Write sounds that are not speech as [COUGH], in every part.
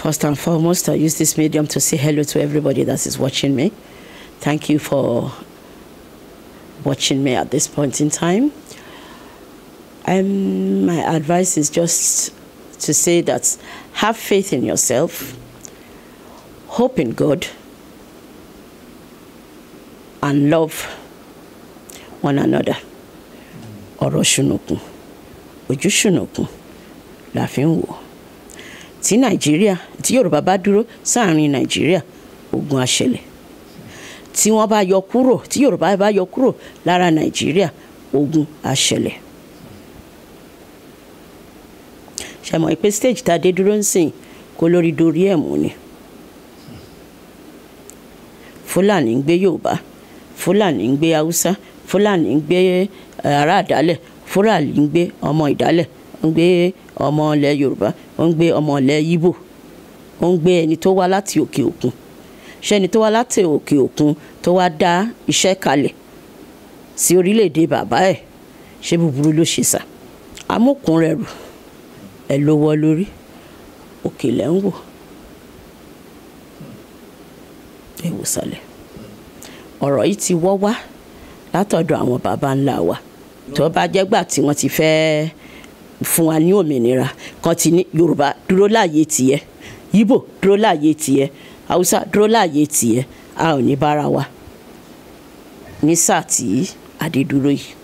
First and foremost, I use this medium to say hello to everybody that is watching me. Thank you for watching me at this point in time. Um, my advice is just to say that have faith in yourself, hope in God, and love one another. Oro shunoku, tí nàìjíríà tí yorùbá bá dúró sáàrin nàìjíríà ogun á ṣẹlẹ̀ tí wọ́n bá yọ kúrò tí yorùbá bá yọ kúrò lára nàìjíríà ogun á ṣẹlẹ̀. ṣàmọ̀ pé stage tá a dé dúró ń sìn kó lórí dorí ẹ̀ mú ni fúlàní ń gbé yorùbá fúlàní ń gbé haúsá fúlàní ń gbé eh, ará àdálẹ̀ fúlàní ń gbé ọmọ ìdálẹ̀ ń gbé ọmọ ilẹ̀ yorùbá ó ń gbé ọmọ ilẹ̀ yíbò ó ń gbé ẹni tó wá láti òkè òkun ṣé ẹni tó wá láti òkè òkun tó wá dá iṣẹ́ kalẹ̀ sí orílẹ̀-èdè bàbá ẹ̀ ṣé búburú ló ṣe sà amókun rẹ̀ rù ẹ̀ ló wọ́ lórí òkè lẹ̀ ń wò ẹ̀ wò sàlẹ̀ ọ̀rọ̀ yìí ti wọ́ wá látọ̀dọ̀ àwọn bàbá ńlá wa tó bá jẹ́ gbà tí wọ́n ti fẹ́ẹ́ fún wa ní òmìnira kan ti ní yorùbá dúró láàyè tìẹ yíbò dúró láàyè tìẹ haúsá dúró láàyè tìẹ a ò ní bára wa ní sáà tí adé yìí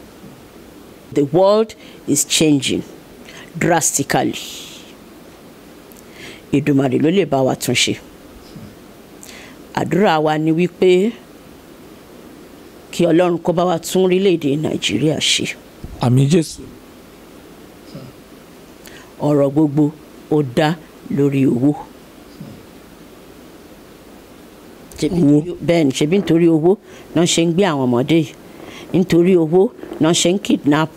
the world is changing drastically Èdùmàrè ló lè bá wa tún ṣe àdúrà wa ni wípé kí Ọlọ́run kó bá wa tún orílẹ̀-èdè Nàìjíríà ṣe. àmì Jésù ọ̀rọ̀ gbogbo ó dá lórí owó. owó bẹ́ẹ̀ ni ṣebí nítorí owó náà ṣe ń gbé àwọn ọmọdé yìí nítorí owó náà ṣe ń kidnap.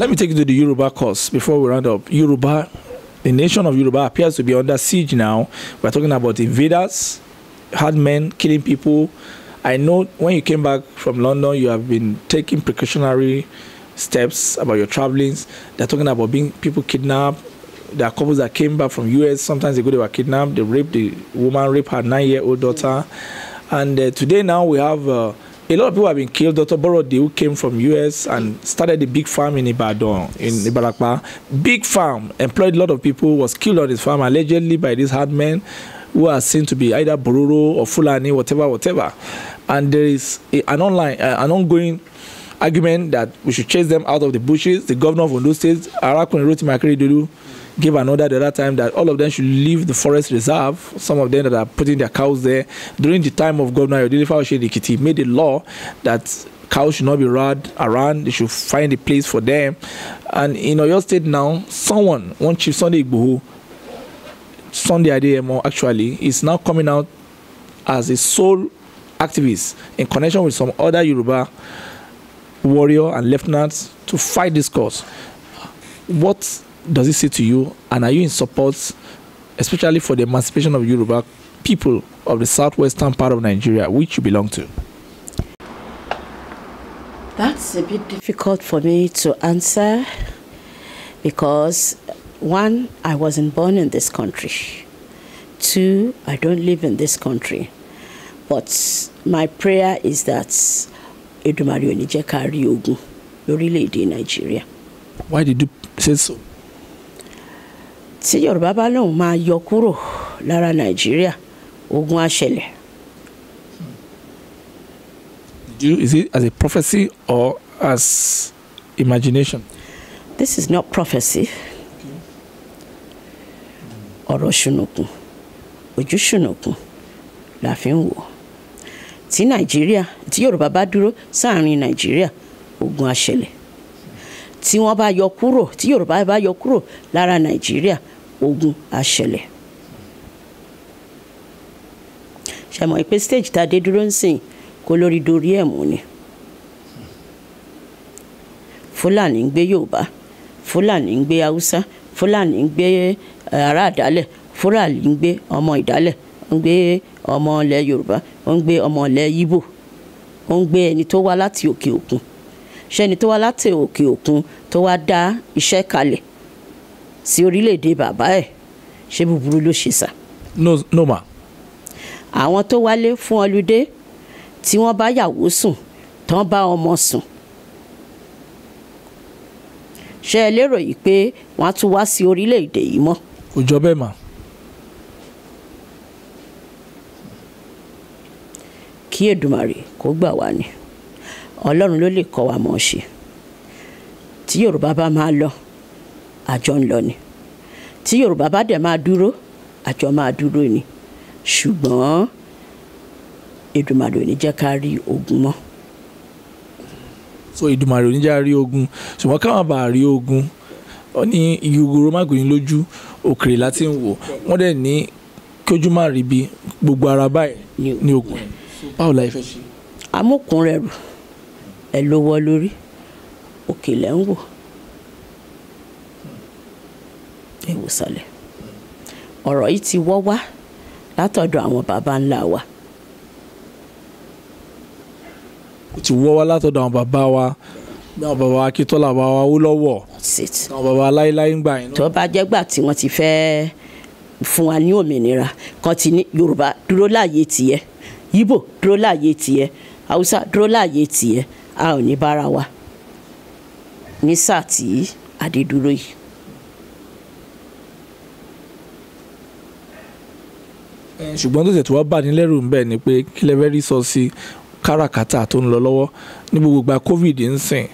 Let me take you to the Yoruba course before we round up. Yoruba, the nation of Yoruba appears to be under siege now. We're talking about invaders, hard men killing people. I know when you came back from London, you have been taking precautionary steps about your travelings. They're talking about being people kidnapped. There are couples that came back from US. Sometimes they go, they were kidnapped. They raped the woman, raped her nine-year-old daughter. And uh, today now we have uh, a lot of people have been killed. Dr. Borode, who came from US and started a big farm in Ibadan, in Ibalapa, big farm, employed a lot of people, was killed on his farm allegedly by these hard men who are seen to be either Bororo or Fulani, whatever, whatever. And there is an online, uh, an ongoing argument that we should chase them out of the bushes. The governor of Ondo State, Arakun Rotimi Akeredolu, mm-hmm gave an order the other time that all of them should leave the forest reserve, some of them that are putting their cows there. During the time of Governor Yodilifa Oshedikiti, made a law that cows should not be rad around. They should find a place for them. And in Oyo State now, someone, one Chief Sunday Igbohu, Sunday Adeyemo actually, is now coming out as a sole activist in connection with some other Yoruba warrior and lieutenants to fight this cause. What does it say to you? And are you in support, especially for the emancipation of Yoruba people of the southwestern part of Nigeria, which you belong to? That's a bit difficult for me to answer because one, I wasn't born in this country. Two, I don't live in this country. But my prayer is that Edumari Onijekari lady in Nigeria. Why did you say so? tí yorùbá bá lóun máa yọ kúrò lára nàìjíríà ogun á ṣẹlẹ̀. do you is it as a prophecy or as imagination. this is not prophecy ọ̀rọ̀ ṣùnùkùn ojú ṣùnùkùn la fi ń wò tí nàìjíríà tí yorùbá bá dúró sáàrin nàìjíríà ogun á ṣẹlẹ̀ tí wọ́n bá yọ kúrò tí Yorùbá bá yọ kúrò lára Nàìjíríà ogun á ṣẹlẹ̀. ṣàmọ̀ ìpè stage tá a dé dúró ń sìn kó lórí dorí ẹ̀ mú ni. Fúlàní ń gbé Yorùbá Fúlàní ń gbé Haúsá Fúlàní ń gbé ará àdálẹ̀ Fúlàní ń gbé ọmọ ìdálẹ̀ ń gbé ọmọ ilẹ̀ Yorùbá ń gbé ọmọ ilẹ̀ Ìgbò ń gbé ẹni tó wá láti òkè òkun ṣẹ́ni tó wá láti òkè òkun tó wá dá iṣẹ́ kalẹ̀ sí orílẹ̀-èdè bàbá ẹ̀ ṣé búburú ló ṣe sà. no no ma. àwọn tó wálé fún ọlùdé tí wọ́n bá yàwó sùn tán bá ọmọ sùn ṣé ẹ lérò yìí pé wọ́n á tún wá sí orílẹ̀ yìí mọ́. kò jọ bẹ́ẹ̀ mà. kí Èdùmàrè kó gbà wá ni ọlọ́run ló lè kọ́ wa mọ̀ ṣe tí yorùbá bá máa lọ àjọ ń lọ ni tí yorùbá bá dẹ̀ máa dúró àjọ máa dúró ni ṣùgbọ́n Èdùmàrè ò ní jẹ́ ká rí ogun mọ́. so Èdùmàrè ò ní jẹ́ ká rí ogun ṣùgbọ́n káwọn bá rí ogun ó ní ìgboro má gbóyin lójú òkèrè láti ń wò wọ́n dẹ̀ ní kójú má ríbi gbogbo ara báyìí ní ogun báwo la ẹ fẹ́ ṣe. amókun rẹ rù ẹ lówó lórí òkè lẹ́ ń wò ẹ wò sàlẹ̀ ọ̀rọ̀ yìí ti wọ́ wá látọ̀dọ̀ àwọn baba ńlá wa. ó ti wọ́ wá látọ̀dọ̀ àwọn baba wa náà baba Akíntọ́lá baba wa ó lọ́wọ́ náà baba láéláé ń gbà yín. tó bá jẹ́ gbà tí wọ́n ti fẹ́ẹ́ fún wa ní òmìnira kan ti ní Yorùbá dúró láàyè tìẹ Yíbò dúró láàyè tìẹ Haúsá dúró láàyè tìẹ a ò ní bára wa ní sáà tí adé dúró yìí. ṣùgbọ́n tó tẹ̀tù wá bà ní lẹ́rù ńbẹ̀ ni pé kí fẹ́ rí sọ sí káràkátà tó ń lọ lọ́wọ́ ní gbogbo ìgbà covid ń sìn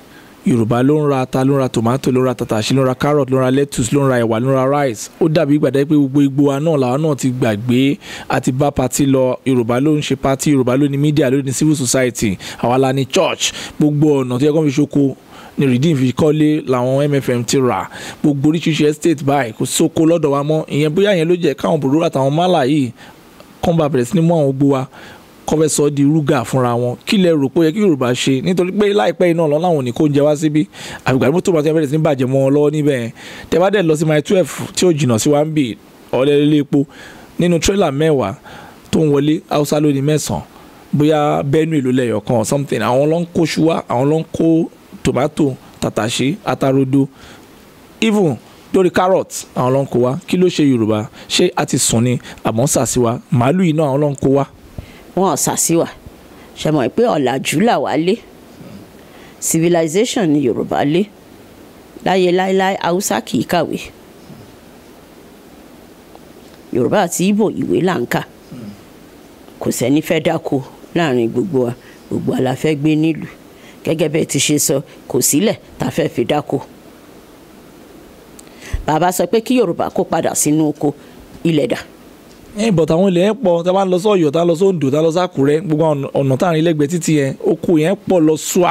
yorùbá ló ń ra ata ló ń ra tomato ló ń ra tàtàṣé ló ń ra carrot ló ń ra lettuce ló ń ra ẹ̀wà ló ń ra rice ó dàbí ìgbàdá pé gbogbo igbó wa náà làwa náà ti gbàgbé àti bá pati lọ yorùbá ló ń ṣe pati yorùbá ló ní media ló ní civil society àwa la ní church gbogbo ọ̀nà tó yẹ fi ṣoko ni redeem fi kọ́lé làwọn MFM ti rà gbogbo oríṣiríṣi estate báyìí kò sóko lọ́dọ̀ wa mọ́ ìyẹn bóyá yẹn ló jẹ́ káwọn bòrò àtàwọn málà yìí kọ́ńbà bẹ̀rẹ̀ sí ní mú àwọn gbó wa kọ́ fẹ́ sọ di rúgà fúnra wọn kí lẹ rò pé ó yẹ kí Yorùbá ṣe nítorí pé láìpẹ́ iná lọ láwọn ò ní kó oúnjẹ wá síbí àbígbà mọ́tò bá ti bẹ̀rẹ̀ sí ní bàjẹ́ mọ́ wọn lọ́wọ́ níbẹ̀ yẹn tẹ bá dẹ̀ lọ sí mile twelve tí ó jìnnà sí wa ń epo nínú tírélà mẹ́wàá tó ń wọlé Haúsá lónìí mẹ́sàn bóyá Benue ló lẹ́yọ̀ kan something àwọn ló ń kó ṣúwá àwọn ló ń kó tòmátò tàtàṣé atarodo even lórí carrot àwọn ló ń kó wá kí ló ṣe Yorùbá ṣé a ti sùn ni àmọ́ sàṣìwá màálù yìí àwọn ló ń kó wá wọn ọ̀sà sí wa ṣe mọ̀ pé ọ̀làjú là wá lé civilization ni yorùbá lé láyé láéláé haúsá kì í kàwé yorùbá àti ìbò ìwé là ń kà kò sẹ́ni fẹ́ dáko láàrin gbogbo wa gbogbo wa la fẹ́ gbé nílùú gẹ́gẹ́ bẹ́ẹ̀ ti ṣe sọ kò sílẹ̀ tá fẹ́ fi dáko bàbá sọ pé kí yorùbá kó padà sínú oko ilẹ̀ dà ẹ bọ̀ táwọn ilẹ̀ pọ̀ tá a bá ń lọ sọ́yọ̀ tá a lọ sóńdò tá a lọ sákùrẹ́ gbogbo ọ̀nà táàrin lẹ́gbẹ̀ẹ́ títì yẹn oko yẹn pọ̀ lọ ṣùà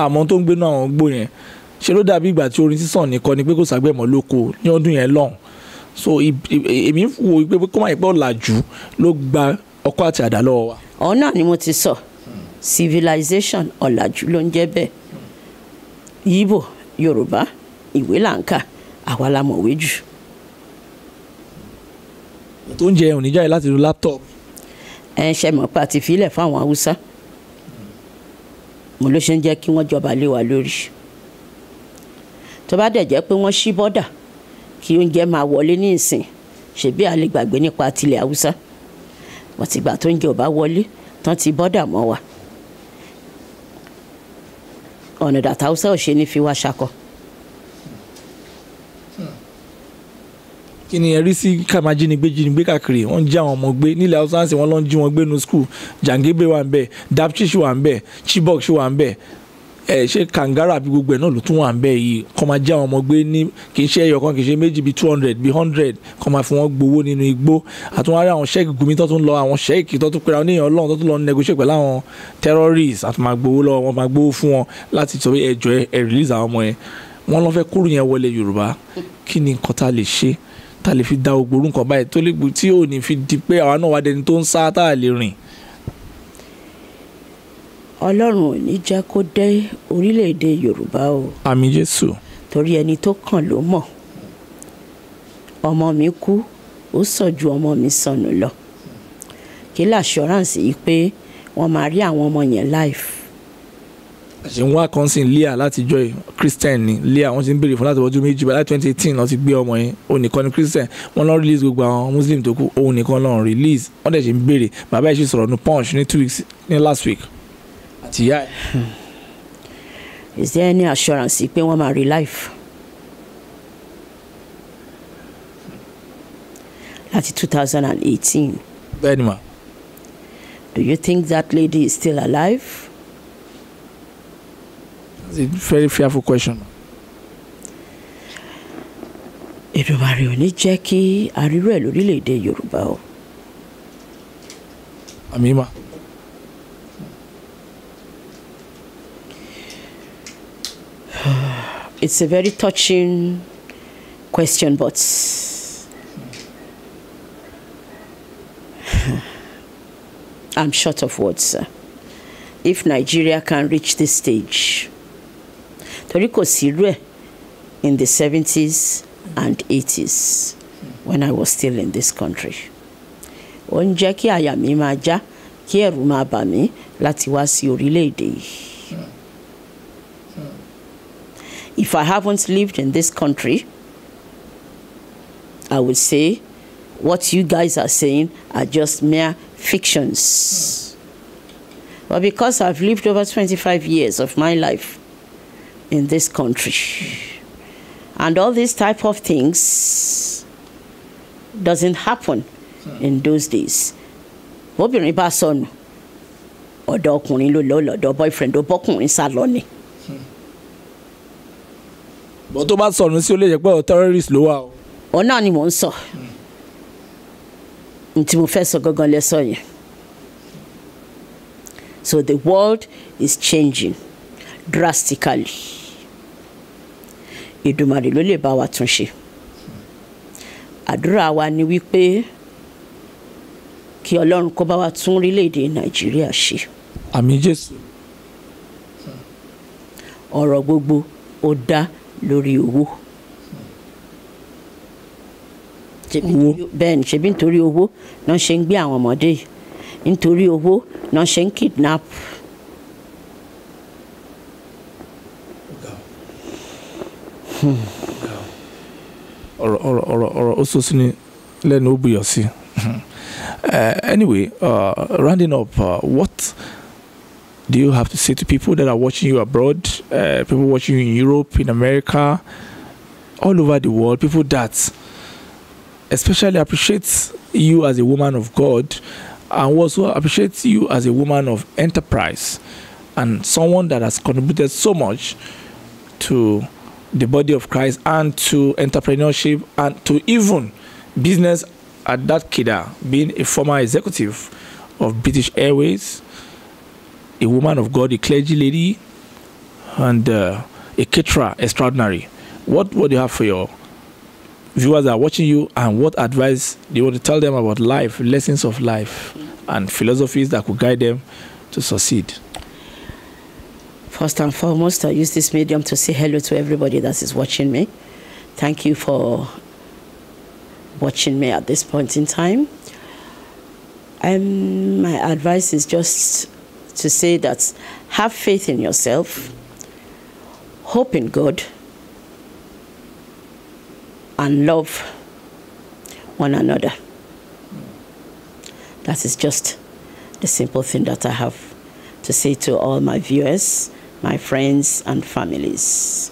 àmọ́ tó ń gbé náà àwọn gbò yẹn ṣe ló dàbí ìgbà tí orin sísàn nìkan ni pé kò ságbẹ́ mọ́ lóko ní ọdún yẹn lọ́hùn so èmi wò pé kó má yẹ pé ọ̀làjú ló gba ọkọ àti àdá lọ́wọ́ wa. ọ̀hún ni mo ti sọ civilization ọ̀làjú ló ń jẹ́ bẹ́ẹ̀ yíbò yorùbá ìwé tó ń jẹ ò ní jáde láti lo laptop. ẹ ṣe mọ̀ pé àti ìfilẹ̀ fáwọn haúsá mo ló ṣe ń jẹ́ kí wọ́n jọba lé wa lórí tó bá dẹ̀ jẹ́ pé wọ́n ṣí bọ́dà kí oúnjẹ máa wọlé ní ìsìn ṣèbí a lè gbàgbé nípa tilẹ̀ haúsá wọ́n ti gbà tó ń jẹ ò wọlé tán ti bọ́dà mọ́ wa ọ̀nà dàtà haúsá ò ṣe ní fi wá ṣakọ. kí ni ẹ̀rí sí kàmájínigbé jínigbé káàkiri wọ́n ń jí àwọn ọmọ gbé nílẹ̀ haúsá ń sìn wọ́n lọ ń jí wọn gbé nu skul jàǹgébé wà ń bẹ̀ dapchi wà ń bẹ̀ chibok ṣì wà ń bẹ̀ ẹ ṣe kàngárà bí gbogbo ẹ̀ náà ló tún wà ń bẹ̀ yìí kọ́ máa jí àwọn ọmọ gbé ní kì í ṣe ẹyọ kan kì í ṣe méjì bíi two hundred bíi hundred kọ́ máa fi wọ́n gbowó nínú igbó àtúnwárí àwọn ṣẹ́ẹ̀kì gumi tó tún lọ àwọn ṣẹ́ẹ̀kì tó tún pera oníyàn ọlọ́run tó tún lọ negotiate pẹ̀lú àwọn terrorists àti máa gbowó lọ wọn máa gbowó fún wọn láti sọ pé ẹ release àwọn ọmọ yẹn wọ́n lọ fẹ́ kúrò yẹn wọlé Yorùbá kí ni nǹkan tá lè ṣe tá lè fi da ògbórú nǹkan báyìí tó lè gbé tí ò ní fi di pé àwa náà wá dẹni tó ń sá tá a lè rìn. ọlọ́run ò ní jẹ́ kó dé orílẹ̀-èdè yorùbá o. àmì jésù. torí ẹni tó kàn ló mọ̀ ọmọ mi kú ó sàn ju ọmọ mi sọnù lọ kí láṣọ́ránsì yìí pé wọ́n máa rí àwọn ọmọ yẹn láìfù ṣe ń wá kan sí Leah látijọ́ yìí Christian ni Leah wọ́n ti ń béèrè fún láti ọdún méjì báyìí láti twenty eighteen lọ́ọ́ ti gbé ọmọ yẹn òun nìkan ni Christian wọ́n lọ́ọ́ release gbogbo àwọn Muslim tó kù òun nìkan lọ́ọ́ release wọ́n dẹ̀ ṣe ń béèrè bàbá ẹ̀ ṣe sọ̀rọ̀ nu punch ní two weeks ní last week àti ìyá hmm. Is there any assurance pé wọ́n máa rí life? láti two thousand and eighteen. bẹ́ẹ̀ ni ma. Do you think that lady is still alive? a very fearful question. Èdùmàrè ò ní jẹ́ kí arírú ẹ̀ lórílẹ̀‐èdè Yorùbá o. Àmín e [SIGHS] It's a very touching question, but [SIGHS] I'm short of words, sir. If Nigeria can reach this stage, torí kò sí irú in the seventies and eighties when I was still in this country ó ń jẹ́ kí àyà mi máa já kí ẹ̀rù máa bà mí láti wá sí orílẹ̀-èdè yìí. If I haven't lived in this country, I would say what you guys are saying are just mere fictions. Mm. But because I've lived over 25 years of my life in this country. And all these type of things doesn't happen in those days. obìnrin bá sọnù ọ̀dọ̀ ọkùnrin ló lọ lọ́dọ̀ boyfriend ó bọ́kùnrin sá ni. bó tó bá sọnù sí ó lè jẹ́ pé terrorist ló wà o. òun náà ni mò ń sọ tí mo fẹ́ sọ gangan lẹ́sọ̀ yẹn so the world is changing drastically Èdùmàrè ló lè bá wa tún ṣe àdúrà wa ni wípé kí Ọlọ́run kó bá wa tún orílẹ̀-èdè Nàìjíríà ṣe. àmì Jésù. ọ̀rọ̀ gbogbo ó dá lórí owó. bẹ́ẹ̀ ni ṣebí nítorí owó náà ṣe ń gbé àwọn ọmọdé yìí nítorí owó náà ṣe ń kidnap. Or or or or also sọ sí ni lẹ́nu [LAUGHS] eh, Anyway, uh, rounding up, uh, what do you have to say to people that are watching you abroad, uh, people watching you in Europe, in America, all over the world, people that especially appreciate you as a woman of God and also appreciate you as a woman of enterprise and someone that has contributed so much to the body of Christ and to entrepreneurship and to even business at that kida, being a former executive of British Airways, a woman of God, a clergy lady, and uh, a caterer extraordinary. What would you have for your viewers that are watching you, and what advice do you want to tell them about life, lessons of life, and philosophies that could guide them to succeed? First and foremost, I use this medium to say hello to everybody that is watching me. Thank you for watching me at this point in time. Um, my advice is just to say that have faith in yourself, hope in God, and love one another. That is just the simple thing that I have to say to all my viewers my friends and families.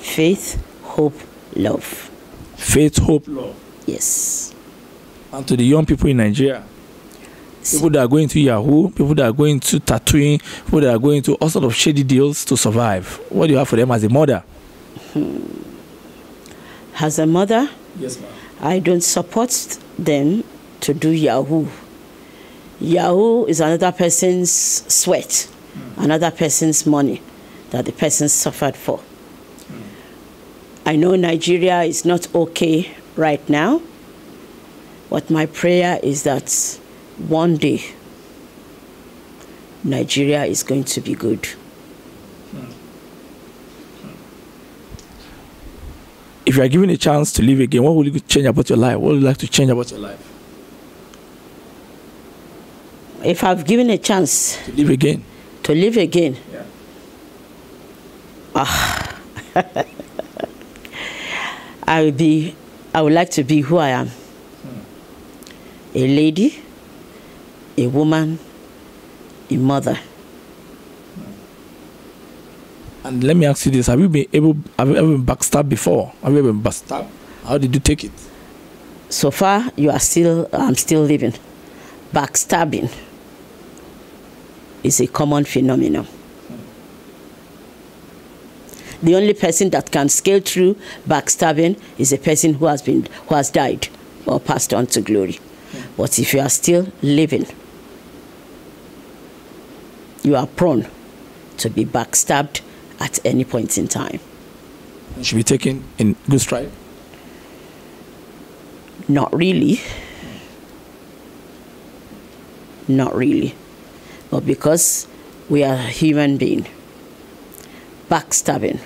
Faith, hope, love. Faith, hope, love. Yes. And to the young people in Nigeria, people that are going to Yahoo, people that are going to tattooing, people that are going to all sort of shady deals to survive. What do you have for them as a mother? Hmm. As a mother, yes, ma'am. I don't support them to do Yahoo. Yahoo is another person's sweat another person's money that the person suffered for. I know Nigeria is not okay right now, but my prayer is that one day Nigeria is going to be good. If you are given a chance to live again, what would you change about your life? What would you like to change about your life? If I've given a chance to live again, to live again. Yeah. Ah. [LAUGHS] I would be I would like to be who I am. Hmm. A lady, a woman, a mother. Hmm. And let me ask you this: Have you been able? Have you ever been backstabbed before? Have you ever been backstabbed? How did you take it? So far, you are still. I'm still living. Backstabbing is a common phenomenon. The only person that can scale through backstabbing is a person who has been who has died or passed on to glory. But if you are still living, you are prone to be backstabbed at any point in time. should be taken in good stride? Not really. Not really. but because we are human being backstabbing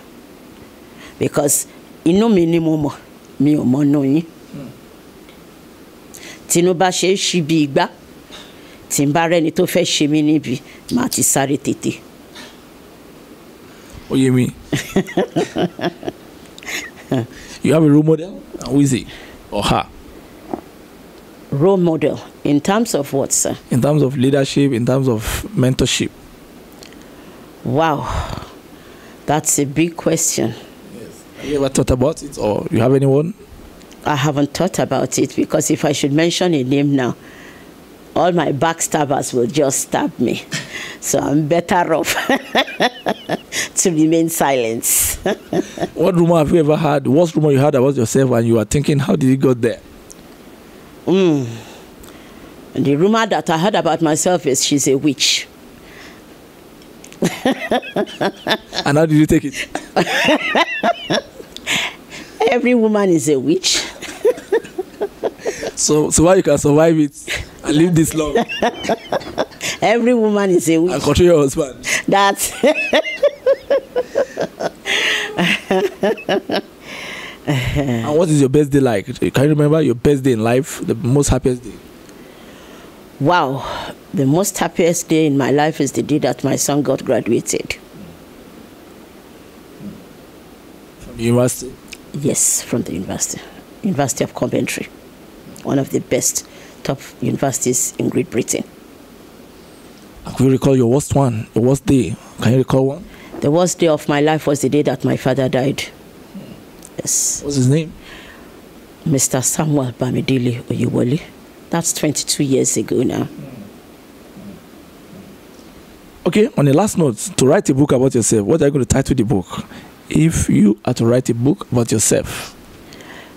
because in no minimum, me mọ̀ mi ò mọ̀ nù yín tinubu ṣe é ṣí bí igbá tí n bá rẹ́ni ti sáré tètè. ó mi [LAUGHS] you have a role model who is he or her. role model in terms of what, sir? In terms of leadership, in terms of mentorship. Wow, that's a big question. Yes. Have you ever thought about it, or you have anyone? I haven't thought about it because if I should mention a name now, all my backstabbers will just stab me. [LAUGHS] so I'm better off [LAUGHS] to remain silent. [LAUGHS] what rumor have you ever had? What rumor you heard about yourself and you were thinking, how did you get there? Mm. And the rumor that I heard about myself is she's a witch. [LAUGHS] and how did you take it? [LAUGHS] Every woman is a witch. so, so why you can survive it and live this long? [LAUGHS] Every woman is a witch. And control your husband. That's. and what is your best day like? Can you remember your best day in life, the most happiest day? Wow, the most happiest day in my life is the day that my son got graduated. From the university? Yes, from the university. University of Coventry, one of the best top universities in Great Britain. Can you recall your worst one, The worst day? Can you recall one? The worst day of my life was the day that my father died. Yes. What's his name? Mr. Samuel Bamidili Oyewole. That's 22 years ago now. Okay, on the last note, to write a book about yourself, what are you going to title the book? If you are to write a book about yourself,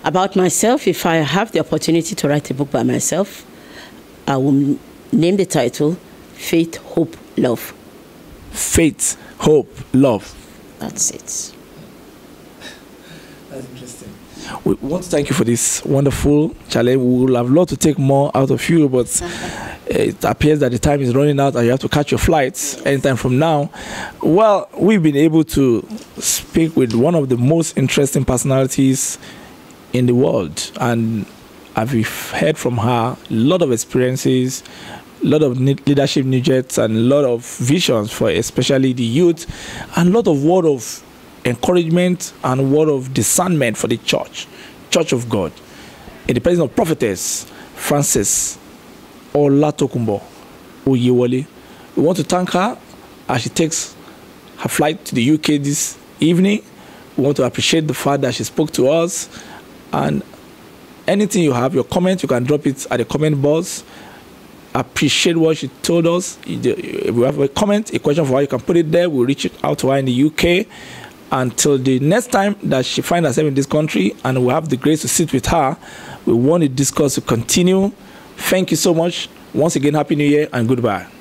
about myself, if I have the opportunity to write a book by myself, I will name the title Faith, Hope, Love. Faith, Hope, Love. That's it we want to thank you for this wonderful challenge. We would have loved to take more out of you, but eh, it appears that the time is running out and you have to catch your flights anytime from now. Well, we've been able to speak with one of the most interesting personalities in the world, and I've heard from her a lot of experiences, a lot of leadership nuggets, and a lot of visions for especially the youth, and a lot of word of encouragement and word of discernment for the church, Church of God, in the presence of prophetess Francis Olatokumbo Oyewole. We want to thank her as she takes her flight to the UK this evening. We want to appreciate the fact that she spoke to us. And anything you have, your comment, you can drop it at the comment box. Appreciate what she told us. If you have a comment, a question for her, you can put it there. We'll reach out to her in the UK. until the next time that she finds herself in this country and we have the grace to sit with her, we want the discourse to continue. Thank you so much. Once again, Happy New Year and goodbye.